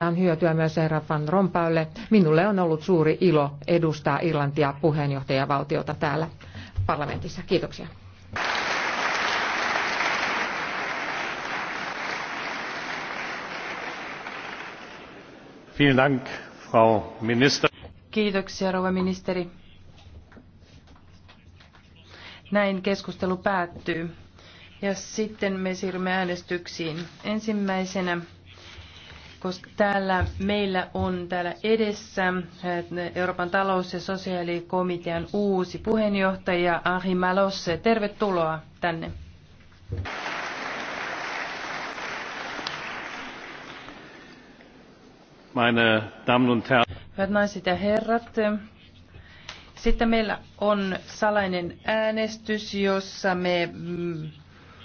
on hyötyä myös herra Van Rompuylle. Minulle on ollut suuri ilo edustaa Irlantia puheenjohtajavaltiota täällä parlamentissa. Kiitoksia. Vielen Dank, Frau Minister. Kiitoksia, rouva ministeri. Näin keskustelu päättyy. Ja sitten me siirrymme äänestyksiin. Ensimmäisenä koska täällä meillä on täällä edessä eh, Euroopan talous- ja sosiaalikomitean uusi puheenjohtaja Ari Malosse. Tervetuloa tänne. Meine Damen und Herren. Hyvät naiset ja herrat, sitten meillä on salainen äänestys, jossa me mm,